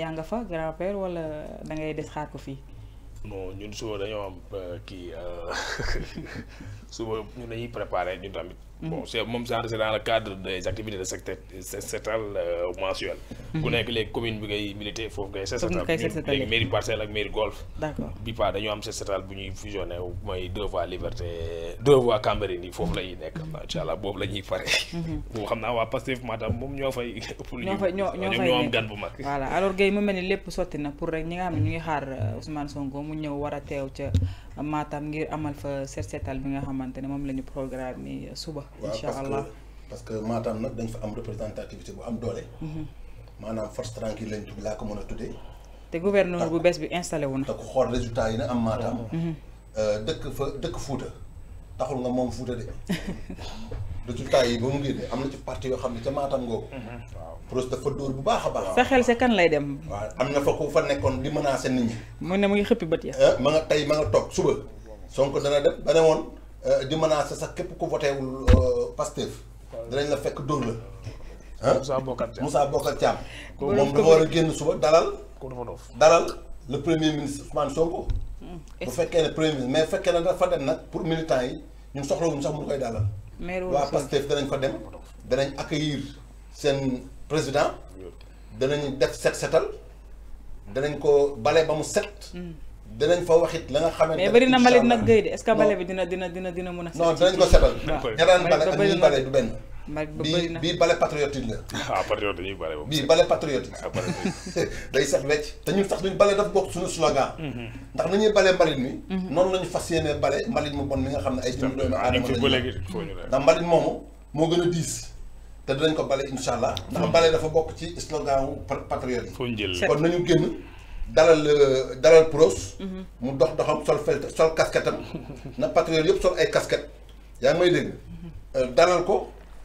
yaa nga fa grand père wala da ngay des xaar ko fii. moo ñun suba dañoo am euh, kii euh, suba ñun dañuy préparé ñun tamit. bon mhm. c' est moom c' est dans le cadre des activités de secteur euh, euh, mensuel mhm. ku nekk léegi commune bi ngay milité foofu ngay setal bu ñuy fusionné mooy deux voies liberté deux voies Cambérène yi foofu la nekk mhm. incha boobu la pare boobu xam naa waa Pastef Matam moom ñoo fay ñoo fay ñoo am gan bu mag voilà alors Guèye mu mel ni lépp sotti na pour rek ñi nga xam ne ñu ngi xaar euh, Ousmane Sonko mu ñëw war a teew ca Matam ngir amal fa set setal bi nga xamantene mom lañu la suba. inshallah parce que Matam nak dañ fa am représentativité bu am doolé mhm. manam force tranquille lañ la ko mën a té gouverneur bu bees bi installé wu na. te ku xool résultat yi na am Matam. Mhm. euh dëkk fa dëkk Fuuta taxul nga mom Fuuta de. résultat yi ba mu génne am na ci parti yoo xam ne ca Matam ngoo. Mm-hmm. waaw dafa dóor bu baax a baax. sa xel sa kan lay dem. waaw am na fa ku fa nekkoon di menacer nit ñi. mu ne mu ngi xëppi bët ya. Eh, ma nga tey ma nga toog suba Sonko dana dem ba ne woon eh, di menacer sax képp ko voté wul eh, Pastef danañ la fekk dóor la. ah Moussa Bokar Thiam Moussa Bokar Thiam. moom dafa war a génn suba dalal. dalal le premier ministre Ousmane Sonko. Mm. bu fekkee ne premier ministre mais fekkee ne dafa dem nag pour militant yi ñun soxlawuñ sax mu koy dalal. waa Pastef danañ ko dem danañ accueillir seen président danañ def set setal danañ ko bale ba set hmm. danañ fa waxit la nga xamante mais bëri na mbalit nag gëy de est-ce que bale bi dina dina dina dina mën a non danañ ko setal ña daan bale ak ñu bale du benn mag ba bëri na bii bii bale patriotique la. ah patriote dañuy bale boobu. bii bale patriotique. Ah, day sax wecc te ñun sax duñ bale daf bokk suñu slogan. Mm-hmm. ndax ni ñuy bale mbalit mi. Mm-hmm. noonu la ñu fas yéenee bale mbalit mu bon mi nga xam ne ay. jëm doomu aadama lañu mbalit moomu moo gën a diis. te dinañ ko bale incha ndax mm-hmm. bale dafa bokk ci slogan wu patriote yi. foo njël kon nañu génn. dalal euh, dalal pros. mu dox doxam sol fel sol casquette na patriote yëpp sol ay casquette yaa may dégg euh, dalal ko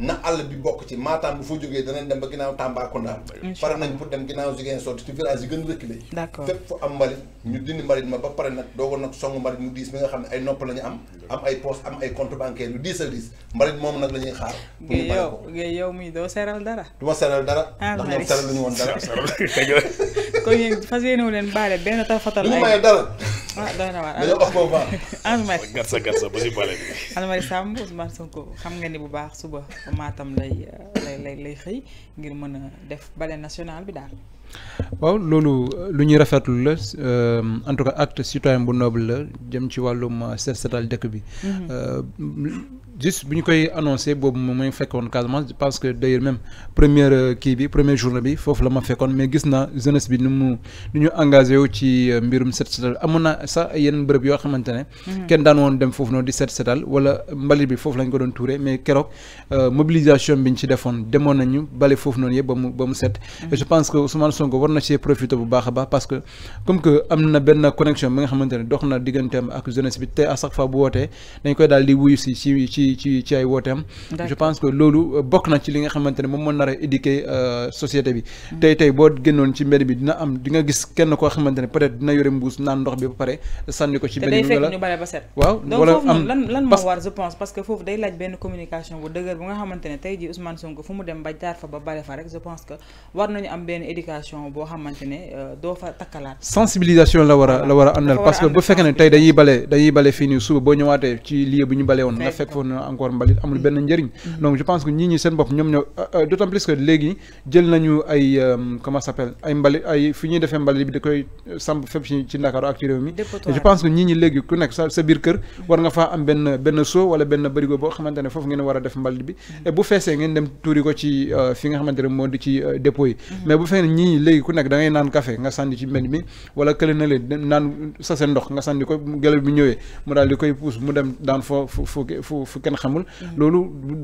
na àll bi bokk ci Matam bu fa jógee danañ dem ba ginnaaw Tambacounda. incha pare nañ pour dem ginnaaw Ziguinchor ci village yi gën a reculé. d' accord fu am mbalit ñu dindi mbalit ma ba pare nag doogoon nag songu mbalit mu diis mi nga xam ne ay nopp la ñu am. am ay poste am ay compte yu diis a diis mbalit moom nag la ñuy xaar. pour ñu pare ko yow yow muy doo seeral dara. du ma seeral dara. Ah, ndax ñoom seeral lu ñu woon dara. kon yéen fas yéene wu leen baale benn tafatal lu maye dara. ah doy na waar dañoo wax ko baax. Ah. Anne-Marie gatsa gatsa ba si baale bi. Anne-Marie xam nga ni bu baax suba Matam lay lay lay xëy ngir mën a def bale national bi daal. waaw loolu euh, lu ñuy rafetlu la euh, en tout cas acte citoyen bu noble la jëm ci wàllum euh, set setal dëkk bi. Mhm. juste bu ñu koy annoncé boobu moom mooy fekkoon Casamance parce que d'ailleurs même première kii bi première journée bi foofu la ma fekkoon mais gis naa jeunesse bi nu mu nu ñu engagé wu ci mbirum set setal amoon na sax yenn bërëb yoo xamante ne. Mhm. kenn daan woon dem foofu noonu di set setal wala mbalit bi foofu lañ ko doon tuuree mais keroog mobilisation biñ ci defoon demoon nañu bale foofu noonu yëpp ba mu ba mu set. Mhm. je pense que Ousmane Sonko war na see profité bu baax a baax parce que comme que am na benn connexion bi nga xamante dox na digganteem ak jeunesse bi te à chaque fois bu wootee dañ koy daal di wuyu si ci ci ci ci ay je pense que loolu euh, bokk na ci li nga xamante moom moo nar a éduquer euh, société bi. Mm. tey tey boo génnoon ci mbedd bi dina am di nga gis kenn koo xamante ne peut-être dina yore mbuus naan ndox bi ba pare sànni ko ci. benn bi wala ba set. waaw wala am lan lan moo sensibilisation boo xamante ne euh, fa takalat sensibilisation la wara la wara a parce que bu fekkee ne tey dañuy balé dañuy balé fini nii suba boo ñëwaatee ci lieu bu ñu balé won nga fekk fo encore mbalit amul ben njëriñ. Mm-hmm. donc je pense que ñi ñi seen bop ñom ñoo euh, euh, d'autant plus que légui jël nañu ay comment ça s' ay mbalit ay fi ñuy defee mbalit bi da koy samp fépp ci Dakar ak ci réew mi. je pense que ñi ñi légui ku nekk sa bir kër mm-hmm. war nga fa am ben ben seau wala ben bërigo boo xamante ne foofu ngeen wara def mbalit bi mm-hmm. et bu fessé ngeen dem tuuri ko ci fi nga xamantene ne di ci dépôt yi mais bu fekkee ñi nii léegi ku nekk da ngay naan café nga sànni ci mbedd mi wala kële naan sa seen ndox nga sànni ko gëlal bi ñëwee mu daal di koy puus mu dem daan foo fu fu fu kenn xamul mm. loolu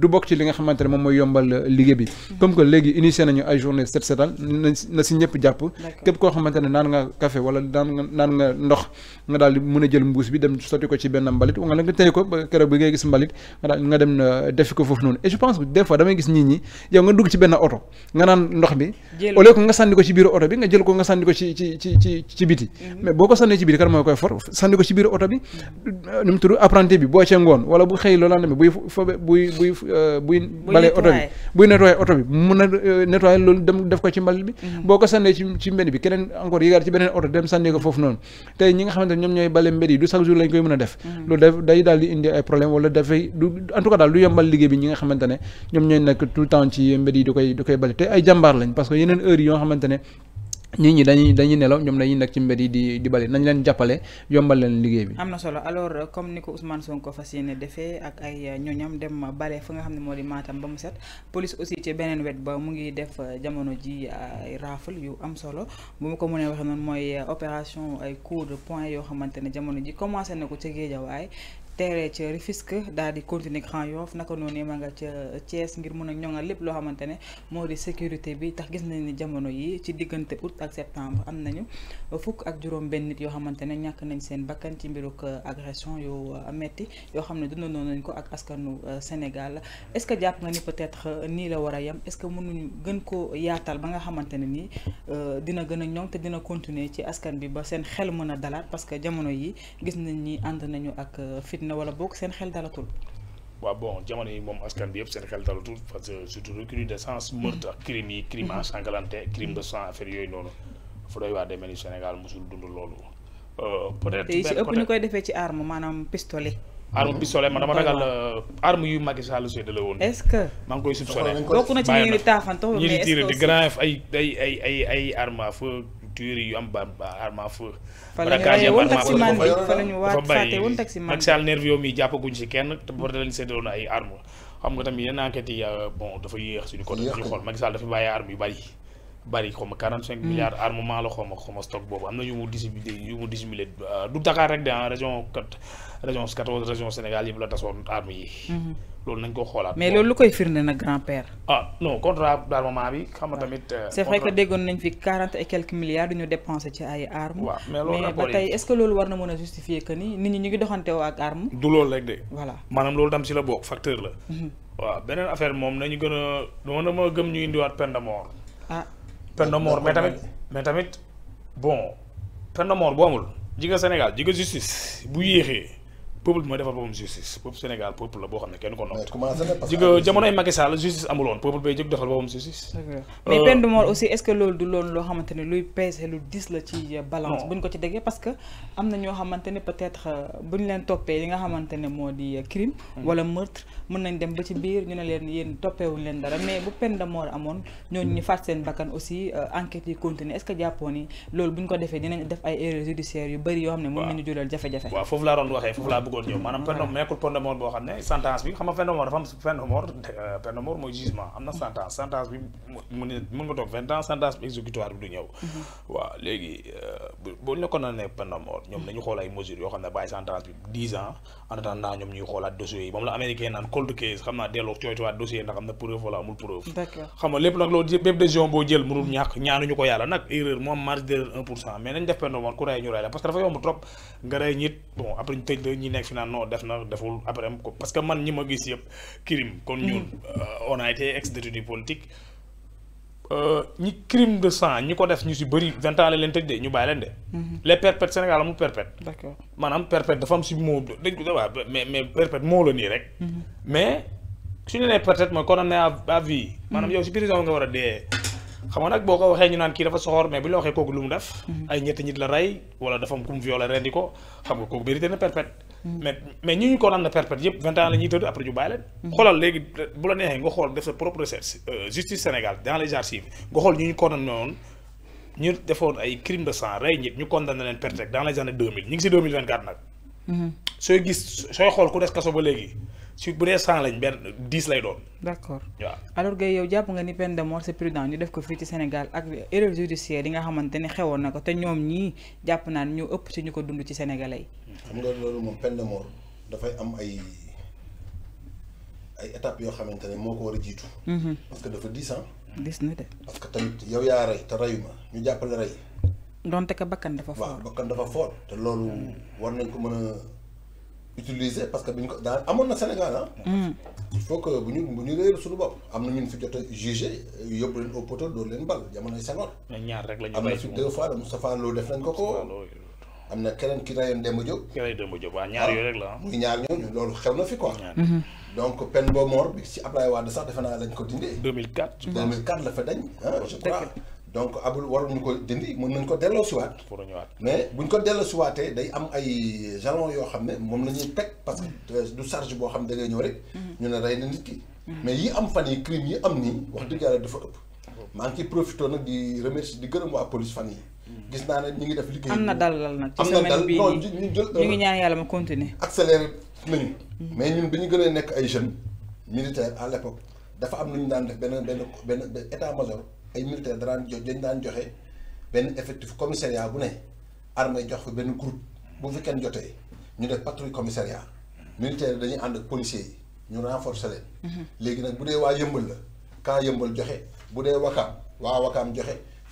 du bokk ci li nga xamante ne moom mooy yombal euh, liggéey bi mm. comme que léegi initié nañu ay journée set setal na si ñëpp jàpp képp koo xamante ne naan nga café wala naan naan nga ndox nga daal di mën a jël mbuus bi dem sotti ko ci benn mbalit wala nga tey ko ba keroog bi ngay gis mbalit nga daal nga dem na euh, defi ko foofu noonu pense que des fois damay gis nit ñi yow nga dugg ci benn oto nga ko ci biir oto bi nga jël ko nga sànni ko ci biti mm-hmm. mais boo ko sànnee ci biir kan mooy koy for sànni ko ci biir oto bi nu mu tudd apprenti bi boo cee ngoon wala bu xëy loolu andamee buy euh, bale euh, mm-hmm. mbedd yi du chaque jour lañ koy mën a def mm-hmm. loolu day daal di indi ay problème wala dafay du en daal du yombal liggéey bi ñi nga xamante ñoom ñooy nekk tout le ci mbedd yi di koy bale te ay jàmbaar lañ parce que yeneen heure yoo xamante ne nit ñi dañuy dañuy nelaw ñoom dañuy nekk ci mbir yi di di bali nañ leen jàppale yombal leen liggéey bi. am na solo alors euh, comme ni ko soo ko fas yéene defee ak ay euh, ñooñam dem bale fa nga xam ne moo di maatam ba mu set police aussi ci beneen wet ba mu ngi def euh, jamono ji ay rafle yu am solo bu ma ko mënee waxee noonu mooy opération ay coup de point yoo xamante ne jamono ji commencé na ko ca Géejawaay téré ci rifisque dal di continuer Grand Yoff naka noné ma nga ci ties ngir mëna ñonga lepp lo xamantene modi sécurité bi tax gis nañ ni jamono yi ci digënté août ak septembre am nañu fukk ak juroom ben nit yo xamantene ñak nañ seen bakkan ci mbiruk agression yo uh, metti yo xam dund non nañ ko ak askanu uh, Sénégal est-ce que japp nga ni peut-être uh, ni la wara yam est-ce que gën ko yaatal ba nga xamantene ni dina gëna ñong te dina continuer ci askan bi ba seen xel mëna dalat parce que jamono yi gis nañ ni and nañu ak fitna na wala bok sen xel dalatul. wa bon jamono yi mom askan bi yeb sen xel dalatul parce que surtout recul de sens meurtre crime yi crime en mhm. sanglanté crime de sang affaire yoy nonou fa doy wa demee ni Sénégal musul dund euh peut-être te si ëpp ñu koy défé ci arme manam pistolet. arme pistolet man dama ragal euh, arme yu Macky Sall séddale la woon. est-ce que maa ngi koy soupçonné. bokk ci ñu ngi mais est-ce que ñi ay ay ay ay arme feu. tuerie yu am ba arme à feu. braquage woon taximan bi fa la ñu waat fàtte woon taximan bi Macky Sall nervi jàppaguñ si kenn te war na leen séddaloon ay arme xam nga tamit yenn enquêtes yi euh, bon dafa yéex suñu côté ñu xool Macky Sall dafa bàyyi arme yu bari bari xaw ma 45 milliards armement la xaw ma xaw ma stock boobu am na yu mu dissimulé yu mu dissimulé euh, du Dakar rek de en ah, région quatre région Sénégal yëpp la tasoon armes yi. Mm-hmm. loolu nañ ko xoolaat. mais loolu lu koy firnde nag grand père. ah non contrat d'armement bi xam nga tamit. Euh, c'est vrai que déggoon nañ fi 40 et quelques milliards ñu dépensé ci ay armes. mais loolu mais ba tey est-ce loolu war na mën a justifier que ni nit ñi ñu ngi doxantewoo ak arme. du mm-hmm. a peine de mort mais tamit mais tamit bon peine de mort bu amul ji nga Sénégal ji nga justice bu yéexee peuple bi mooy defar boppam justice peuple Sénégal peuple boo xam ne kenn ko noonu. mais commencé na jamonoy Macky justice amuloon peuple bay jóg defar boppam justice. Euh, mais peine aussi est-ce du loolu loo xamante luy peese lu dis la ci euh, balance. buñ ko ci am na ñoo xamante ne peut-être euh, buñ leen toppee li nga xamante ne moo di crime. Mm. wala meurtre mën nañ dem ba ci biir ñu ne leen yéen leen dara mais bu peine amoon ñooñu ñu mm. faat seen bakkan aussi enquêtes yi continuer est jàppoon ni loolu buñ ko woon ñëw maanaam peine de mort nekkul peine euh, mooy jugement am na sentence sentence bi mun nga toog vingt ans sentence bi exécutoire bi du ñëw mm-hmm. waaw léegi euh, bu nekkoon na ne peine ñoom nañu xoolaat dossiers yi moom la américain naan cold case xam naa delloo cooytuwaat dossier ndax am na preuve wala amul preuve xam nga lépp nag loolu bépp décision boo jël mënul ñàkk ñaanuñu ko yàlla nag erreur moom marge d'erreur un pour cent mais nañ def peine ku rey ñu rey la parce que dafa nekk fi naan non def na deful après ko parce que man ñima gis yëpp crime kon ñun mm-hmm. euh, on a été ex détenu politique euh, ñi crime de sang ñiko def ñu ci bari 20 ans la leen tëj de ñu bàyyi leen de. Mm-hmm. les perpètes Sénégal amul perpète. d'accord manam perpète dafa am ci moo dañ ko waaw mais mais perpète mo la ni rek. Mm-hmm. mais suñu né nee perpète mooy condamné à vie. manam yow ci prison nga wara dé xam nga nag boo ko ñu naan ki dafa soxor mais bu lo waxé waxee lu mu def. ay ñetti nit la ray wala dafa am kum violer rendiko xam nga kooku mérité na perpète. mais mais ñu ñu ko naan na perpète yëpp vingt ans la tëdd après ñu bàyyi leen. Mm-hmm. xoolal léegi bu la neexee nga xool def sa propre recherche euh, justice Sénégal dans les xool ñu ñu ko noonu ñu defoon ay crime de sang rey nit ñu condamné leen perpète dans les années deux mille ñu ngi si deux mille vingt quatre nag. Mm-hmm. sooy gis sooy xool ku des kaso ba léegi. su bu dee cent lañ benn dix lay doon. d' accord waaw alors Guèye yow jàpp nga ni peine de mort c' est ñu def ko fii ci Sénégal ak erreur yi nga xamante ne xewoon na ko te ñoom ñii jàpp naan ñu ëpp ci ñu ko dund ci sénégalais xam nga loolu moom peine de mort dafay am ay ay étapes yoo xamante ne moo ko war a jiitu. Mhm. parce que dafa diis ah. diis na de. parce que tamit yow yaa rey te reyuma ñu jàppale rey. donte que bakkan dafa fort waaw bakkan dafa fort. te loolu hmm. war nañ ko mën a utiliser parce que bi ko daan amoon na Sénégal ah. Hmm. il faut que bu ñu bu suñu bopp am na fi jot a jugé leen au poteau dóor leen bal jamonoy Senghor. ñaar rek la ñu am na fi deux fois Moustapha Lo def nañ ko ko am na keneen ki rayoon Demba Diop. ki rayoon Demba Diop ñaar yooyu rek la ah, muy ñaar ñooñu loolu xew fi quoi. Mhm. donc peine boo mort bi ci Ablaye Wade sax defe lañ ko dindee. 2004 2004 la fa dañ. Ah, je crois donc abul waruñu ko dindi mën nañ ko delloosiwaat. pour ñëwaat mais buñ ko delloosiwaatee day am ay jalon yoo xam ne moom la parce que mhm. du charge boo xam da ngay ñëw rek. Mhm. ñu ne rey nit ki. mais yi am fan yi crime yi am wax dafa ëpp. di remercier di police fan yi gis naa ne ñu ngi def liggéey am na dalal nag ci semaine bii ñu ngi ñaan yàlla ma continuer accéléré nañu mm-hmm. mais ñun bi ñu gën nekk ay jeunes militaires à l'époque dafa am lu ñu daan def benn benn benn état major ay militaires daan jox dañ daan joxe benn effectif commissariat bu ne armée jox ko benn groupe bu fi kenn jotee ñu def patrouille commissariat militaire yi dañuy ànd ak policiers yi ñu renforcer leen mm-hmm. léegi nag bu dee waa yëmbal la kaa yëmbal joxe bu dee wakaam waa wakaam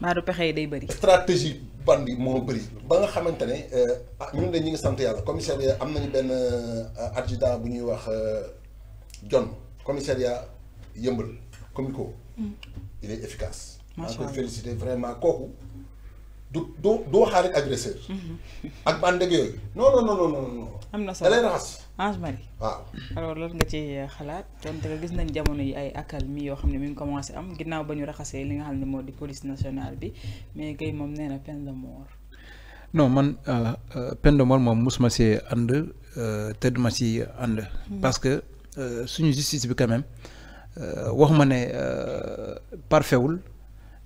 maaru pexe yi day bari stratégie bandi mo bari ba nga xamantene euh ah, ñun de ñi ngi sant yalla commissariat am nañu ben euh, adjudant bu ñuy wax euh, John commissariat yëmbal comico. Hmm. il est efficace. ma ko féliciter vraiment koku do do du waxaa agresseur. Hmm. ak bande ak yooyu non non non non non. amna sa solo da lay Ange Marie waaw alors lan nga ci euh, xalaat donte nga gis nañ jamono yi ay accalmie yoo xam ne mi ngi commencé am ginnaaw ba ñu raxasee li nga xam ne moo di police nationale bi mais Guèye moom nee na peine de mort. non man euh, euh, peine de mort moom musuma see ànd te duma si ànd. Mhm. parce que suñu justice bi quand même wax ma ne parfaitul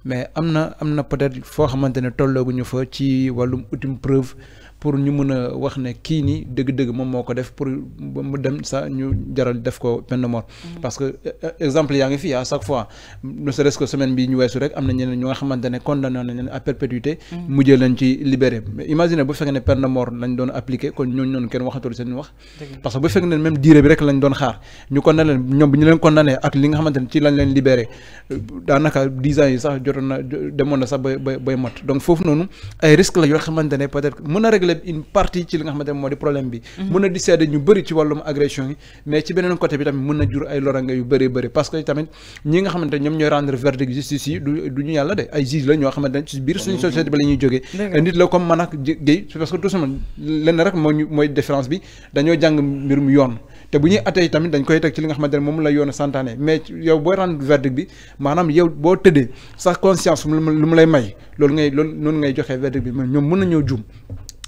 mais am na am na peut-être foo xamante ne tollooguñu fa ci wàllum ultime preuve. pour ñu mëna wax né kii nii dëgg-dëgg moom moo def pour mu dem sa ñu jaral def ko peine de mort mm. parce que euh, exemple ya nga fi à chaque fois ne serait-ce que semaine bi ñu wessu rek amna ñeneen ñu nga xamante condamné nañ leen à perpétuité mm. mujjee lañ ci libéré mais imagine bu fekk né peine de mort lañ doon appliquer kon ñoo ñoon kenn waxatul seen wax parce que bu fekk né même diire bi rek lañ doon xaar ñu condamné leen ñoom bu ñu leen condamné ak li nga xamante ci lañ leen libéré daanaka 10 ans yi sax jotoon na na sax bay bay bay mot donc fofu nonu ay risque la yo xamante peut-être mëna a régler régler une partie ci li nga xamante ne moo di problème bi mun mhm. na di seede ñu bëri ci wàllum agression yi mais ci beneen côté bi tamit mun na jur ay lorange yu bëri bëri parce que tamit ñi nga xamante rek mooy mooy différence bi dañoo jàng mbirum yoon te bu ñuy atee tamit dañ koy teg ci li nga xamante ne moom la yoon santaane mais yow booy rendre verdict bi maanaam yow boo tëddee sa conscience lu mu lay may loolu ngay loolu noonu ngay joxe verdict bi mais ñoom mën nañoo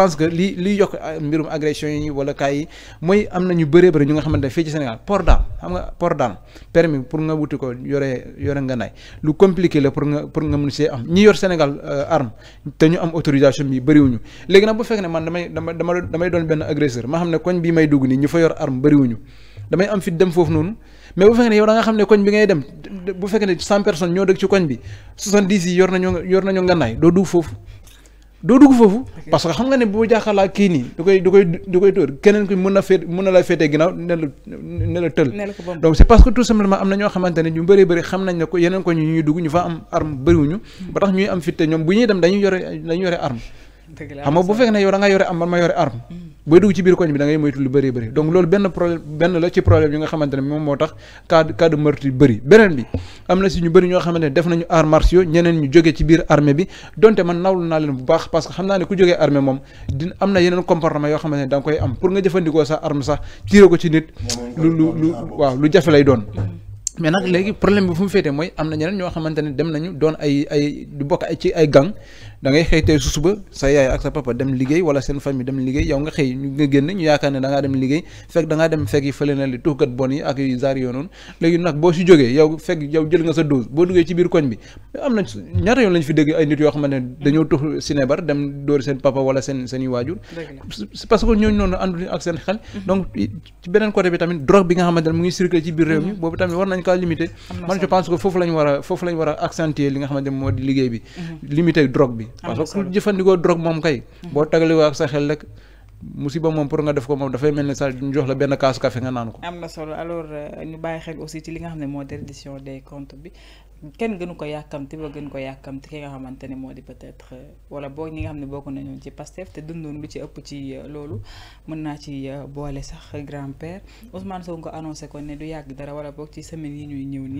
pense que lii liy yokk ah, mbirum agression yi wala kaay yi mooy am na ñu bëree bëri ñu nga xamante ne fii ci Sénégal port xam pour nga wuti ko yore yore nga nay lu compliqué pour nga pour nga mun see am ñi yor euh, te am autorisation bi bëriwuñu léegi nag bu fekk ne man damay dama dama ne koñ bii may dugg nii ñu fa yor arme bëriwuñu damay am fit dem foofu noonu mais bu fekkee ne yow da nga xam ne koñ bi ngay dem bu fekkee ne cent personnes ñoo dëkk ci koñ bi soixante-dix yor nañoo yor nañoo ngànnaay doo dugg foofu doo dugg foofu parce que xam nga ne boo jàkkaarloo kii nii du koy du koy du koy tóor keneen ku mën na féet mën na la féetee ginnaaw ne la tël donc c'est parce que tout simplement am na ñoo xamante ne ñu bëree bëri xam nañ ne ko yeneen ko ñu ñuy dugg ñu fa am arme bëriwuñu hmm. ba tax ñuy am fitte ñoom bu ñuy dem dañuy yore dañuy yore arme xam nga bu fekk ne yow da nga yore am ma yore arme hmm. booy dugg ci biir koñ bi da ngay moytu lu bëri bëri donc loolu benn problème benn la ci problème yi nga xamante ne moom moo tax cas cas de meurtre bëri beneen bi am na si ñu bëri ñoo xamante ne def nañu arts martiaux ñeneen ñu jógee ci biir armée bi donte man nawlu naa leen bu baax que xam naa ne ku jógee armée moom di am na yeneen comportement yoo xamante ne da nga am pour nga jëfandikoo sa arme sax ko ci nit lu lu lu waaw lu jafe lay doon mais nag léegi problème bi fu mu féetee mooy am na ñeneen ñoo xamante ne dem nañu doon ay ay du bokk ci ay gang da ngay xëy tey su suba sa yaay ak sa papa dem liggéey wala seen famille dem liggéey yow nga xëy nga génn ñu yaakaar ne da dem liggéey fekk da dem fekk yi fële na li tuxkat bon yi ak yu zaar noonu léegi nag boo si jógee yow fekk yow jël nga sa dose boo duggee ci biir koñ bi am na ñaata yoon lañ i xel mhm. donc beneen côté bi tamit drogue bi nga xamante ne mu ngi circuler ci biir réew mi mhm. boobu tamit war nañ kaa limiter man je pense que foofu parce que ku jëfandikoo drogue moom kay. boo tagaliwoo ak sa xel rek musiba moom pour nga def ko moom dafay mel ni sa ñu jox la benn kaasu café nga naan ko. am na solo alors euh, ñu bàyyi xel aussi ci li nga xam ne moo di reddition des comptes bi gënu ko yàkkamti ba gën ko yàkkamti ki nga xamante ne moo di peut-être euh, wala boo ñi nga xam ne bokk nañu ci Pastef te dundoon lu ci ëpp ci euh, loolu mën naa ci boole sax grand-père Ousmane Sonko annoncé ko ne du yàgg dara wala boog ci semaine yi ñuy ñëw nii.